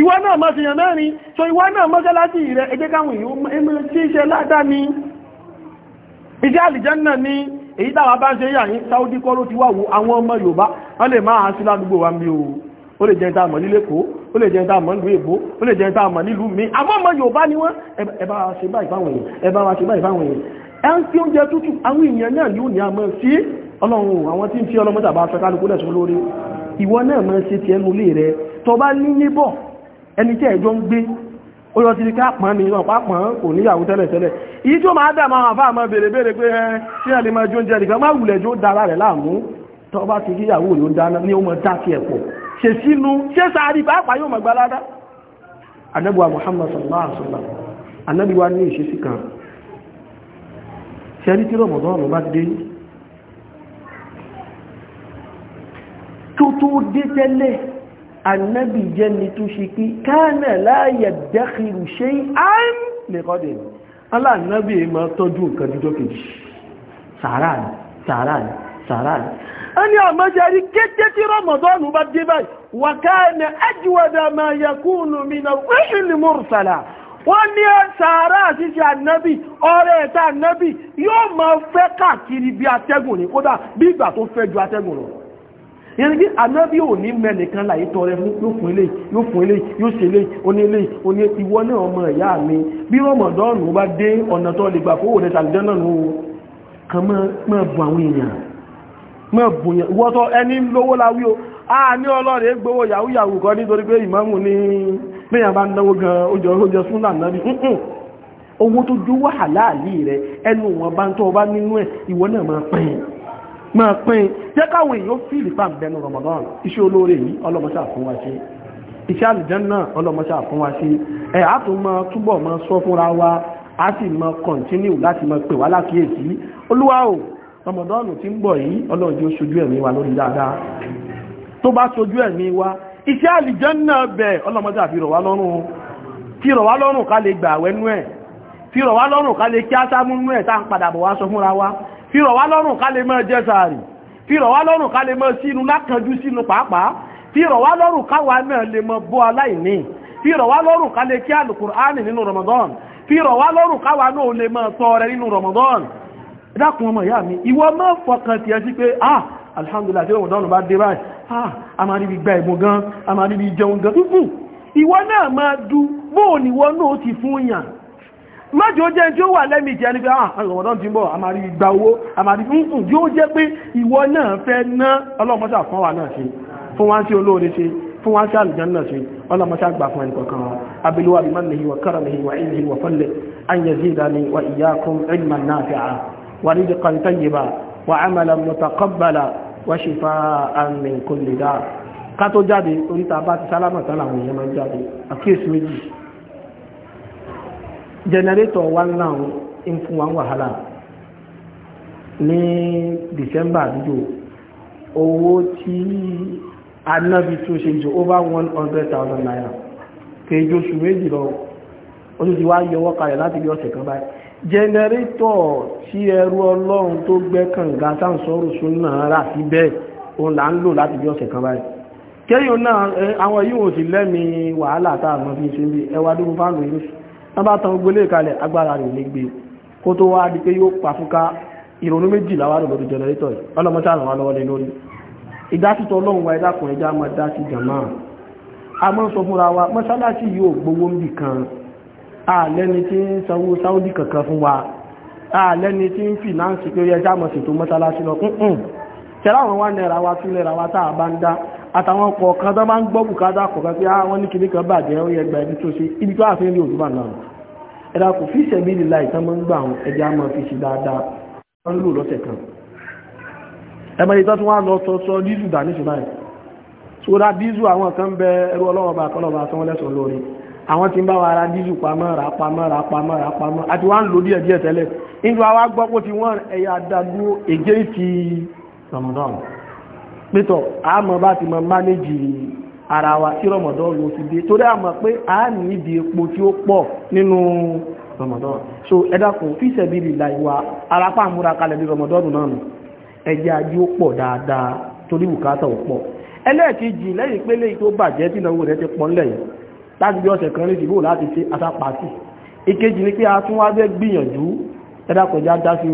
ìwọ náà mọ́ sí mẹ́rin so ìwọ náà mọ́sálásí rẹ̀ ẹgbẹ́ káwọn èèyàn tí iṣẹ́ ládá ni iṣẹ́ àlìjẹ́nà ni èyí tàwà bá ń ṣe yà ní Saudi kọ́ ló ti wà wò àwọn ọmọ Yorùbá wọ́n lè máa sí ládùúgbò wa mi o ó lè jẹ́ ìtààmọ̀ nílé kó ó lè jẹ́ ìtààmọ̀ nílùú èbó ó lè jẹ́ ìtààmọ̀ nílùú mi àmọ́ ọmọ Yorùbá ni wọ́n ẹ bá ṣe báyìí ni ó ní àmọ́ sí ọlọ́run àwọn tí ń fi ọlọ́mọ́tàbá afẹ́kálukú ìwọ náà mọ́ sí ti ẹnu lé rẹ tó ní níbọ̀ ẹni tí ẹjọ́ ń gbé ó yọ títí kápọ̀n ní ọ̀pá pọ̀n kò níyàwó tẹ́lẹ̀tẹ́lẹ̀ èyí tí ó máa dàmà àwọn àfáàmọ́ bèèrè bèèrè pé ẹ tí ẹ lè máa jó ń jẹ nìkan má wùlẹ̀ jó dára rẹ̀ láàmú tó bá ti kíyàwó ló dáná ní ọmọ dákì ẹ̀pọ̀ ṣe sínú ṣe sáàrí pàápàá yóò mọ̀gbáládá anábíwa Muhammad sallallahu alaihi wasallam anábíwa ní ìṣesí kan ṣe rí tí rọmọdọ́rùn bá dé tó tó dé tẹ́lẹ̀ annabi jẹ́ ni tó ṣe pé káànà láàyè dẹ́kìrù ṣe án lẹ́kọ́dẹ̀ aláànábì ma tọ́jú nǹkan jíjọ́ kejì sàáràní sàáràní sàáràní a ní àmọ́járí kété tí rọmọdọ́nù bá dé báyìí wà káànà ajwada ma yakunu mina wíṣìlì mursala wọ́n ní sàárà àṣíṣe ànábì ọ̀rẹ́ ẹ̀ta ànábì yóò máa fẹ́ káàkiri bí atẹ́gùn ní kódà bí ìgbà tó fẹ́ ju atẹ́gùn lọ yẹn bí anábí ò ní mẹ́nìkan láyé tọrẹ fún yóò fún ilé yóò fún ilé yóò ṣe ilé oní ilé oní ìwọ náà ọmọ ìyá mi bí rọmọdọ́ọ̀nù bá dé ọ̀nà tó lè gbà fówó rẹ̀ tàbí dáná nù kan mọ́ bu àwọn èèyàn mọ́ bu yẹn wọ́tọ́ ẹni lówó láwí o a ní ọlọ́rẹ̀ gbowó yahoo yahoo kan nítorí pé ìmáàmù ní lẹ́yìn bá náwó gan ojọ́ ojọ́ súnà náà bí owó tó ju wàhálà àlè rẹ ẹnu wọn bá ń tọ́ ọ bá nínú ẹ̀ ìwọ náà máa pẹ́yìn máa pín jẹ́ káwọn èèyàn fìlì pàm bẹnu Ramadan iṣẹ́ olóore yìí ọlọ́mọṣà fún wa ṣe iṣẹ́ àlùjánnà ọlọ́mọṣà fún wa ṣe ẹ̀ á tún máa túbọ̀ máa sọ fúnra wa á sì máa kọ̀ntínú láti máa pè wá lákìyèsí olúwa o Ramadan ti ń bọ̀ yìí ọlọ́run jẹ́ ṣojú ẹ̀mí wa lórí dáadáa tó bá ṣojú ẹ̀mí wa iṣẹ́ àlùjánnà bẹ̀ ọlọ́mọṣà fi rọ̀ wá lọ́rùn fi rọ̀ wá lọ́rùn ká lè wa fi rọ̀ wá lọ́rùn ká lè máa jẹ sàárì fi rọ̀ wá lọ́rùn ká lè máa sínú lákànjú sínú pàápàá fi rọ̀ wá lọ́rùn káwa náà lè máa bọ́ aláìní fi wá lọ́rùn ká lè kí àlùkùránì nínú Ramadan fi rọ̀ wá lọ́rùn káwa náà lè nínú Ramadan dákun ọmọ ìyá mi ìwọ máa ah alhamdulillah tí Ramadan bá ah a máa rí bí gba ìmọ̀ gan a máa rí bí mọ́jọ́ jẹ́ tí ó wà lẹ́mì jẹ́ ní pé àrọ̀wọ̀dán ah, ah, ti ń bọ̀ a máa rí gba owó a máa rí fúnkùn tí ó jẹ́ pé ìwọ náà fẹ́ ná ọlọ́mọ́sà fún wa náà ṣe fún wá sí olóore ṣe fún wá sí àlùján náà ṣe ọlọ́mọ́sà gbà fún ẹnìkọ̀ọ̀kan wa abiluwa bí mọ́nà ìwà kára ní ìwà ìlú ìwà fọ́lẹ̀ an yẹ zí ìdáni wa ìyákun ilman nafi'a wa rizqan tayyiba wa amalan mutaqabbala wa shifaan min kulli da ká tó jáde oríta bá ti sálámà sálàmù ìyẹn máa jáde àkíyèsí méjì jẹnẹrétọ̀ wa náà ń fún wa wàhálà ní December àdúgbò owó tí anábi tó ṣe jù over one hundred thousand naira kejì oṣù méjì lọ oṣù tí wá yọwọ́ kalẹ̀ láti bí ọ̀sẹ̀ kan báyìí jẹnẹrétọ̀ tí ẹrú ọlọ́run tó gbẹ́ kànga sáǹsọ́rù sún náà rà sí bẹ́ẹ̀ òun là ń lò láti bí ọ̀sẹ̀ kan báyìí kéyìn náà àwọn yìí ò sì lẹ́mi wàhálà táà mọ́ bí ṣe ń bí ẹwà dúró fáàlù yìí wọ́n bá tan gbogbo léèkalẹ̀ agbára rẹ̀ lè gbé kó tó wá di pé yóò pa fúnká ìrònú méjì láwá rò lórí jẹnẹrétọ̀ yìí ọlọ́mọta ràn wá lọ́wọ́ lé lórí ìdásítọ̀ ọlọ́run wa ẹ̀dàkùn ẹja máa dá sí jàmá a máa ń sọ fúnra wa mọ́sálásí yóò gbowó níbì kan a lẹ́ni tí ń sanwó sáúdì kankan fún wa a lẹ́ni tí ń fìnáǹsì pé ẹja mọ̀ ṣètò mọ́sálásí lọ tẹ́láwọn wá náírà wa tún náírà a bá ń dá àtàwọn kọ̀ọ̀kan tó bá ń gbọ́ bùkátà kọ̀ọ̀kan pé àwọn ah, ní kìnnìkan bàjẹ́ ó yẹ gba ibi tó ṣe ibi tó àfihàn ní òtúbà náà ẹ̀dà kò fi ṣẹ̀bí ìlà ìtàn mọ́ ń gbà àwọn ẹja máa fi ṣe dáadáa wọ́n ń lò lọ́sẹ̀ kan ẹmọ ìtọ́ tí wọ́n lọ sọ sọ dízù dà níṣẹ́ báyìí sódà dízù àwọn kan bẹ ẹrú ọlọ́wọ́ bá kọ́lọ́wọ́ sọ wọ́n lẹ́sọ̀ lórí àwọn tí ń bá wa ra dízù pamọ́ ra pamọ́ ra pamọ́ ra pamọ́ àti wọ́n ń lò díẹ̀ díẹ̀ tẹ́lẹ̀ nígbà wa gbọ́ pé tí wọ́n ẹ̀yà dàgbó ègé ti ramadan pétọ̀ àmọ́ bá ti mọ mánéjì ara wa tí rọmọdán ló ti dé torí àmọ́ pé a ní ìdí epo tí ó pọ̀ nínú rọmọdán so ẹ dákun fíṣẹ̀bí ìlà ìwà arápá àmúra kalẹ̀ ní rọmọdán náà ẹjẹ́ ajé ó pọ̀ dáadáa torí bùkátà ó a tún wá fẹ́ gbìyànjú ẹ̀dàkọ̀já dáfí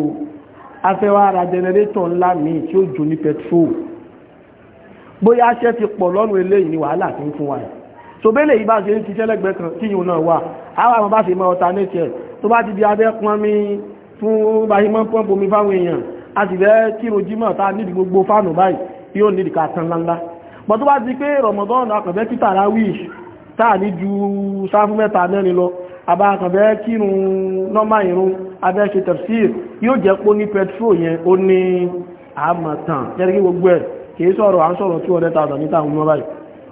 a fẹ́ wá bóyá aṣẹ́ ti pọ̀ lọ́rùn eléyìí ni wàhálà tí ń fún wa so bẹ́lẹ̀ yìí bá ṣe ń ṣiṣẹ́ lẹ́gbẹ̀ẹ́ kan tí yìí náà wà àwọn àwọn bá ṣe mọ́ ọta ní tiẹ̀ tó bá ti di abẹ́ pọn mi fún báyìí mọ́ pọ́n bomi fáwọn èèyàn a sì fẹ́ kírun jímọ̀ ta nídìí gbogbo fáànù báyìí yóò nídìí ká tán ńláńlá bọ́ tó bá ti pé rọmọdọ́ọ̀nù akọ̀fẹ́ kí tààrà wíṣ táà ní ju sáfún mẹ́ta mẹ́rin lọ àbá akọ̀fẹ́ kírun nọ́mà kìí sọ̀rọ̀ à ń sọ̀rọ̀ 200,000 níta àwọn ọmọ báyìí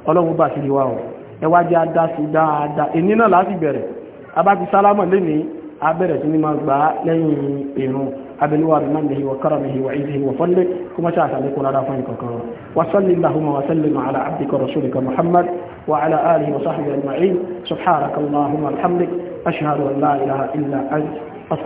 ọlọ́run bá sí ìwà ọ̀ ẹwàjẹ́ adásí dáadáa èní náà láti bẹ̀rẹ̀ abáti sálámọ̀ lẹ́ni abẹ́rẹ̀ tí ní máa gbà lẹ́yìn ìrun abẹ́lúwà rẹ̀ náà lẹ́yìn wọ̀kára lẹ́yìn wà ìdí wọ̀ fọ́lẹ́ kó máa ṣàṣàlẹ́ kó rárá fún ìkọ̀kan wasalli lahuma wasalli ala abdika rasulika muhammad wa ala alihi wa sahbihi ajma'in subhanaka allahumma alhamdik ashhadu an la ilaha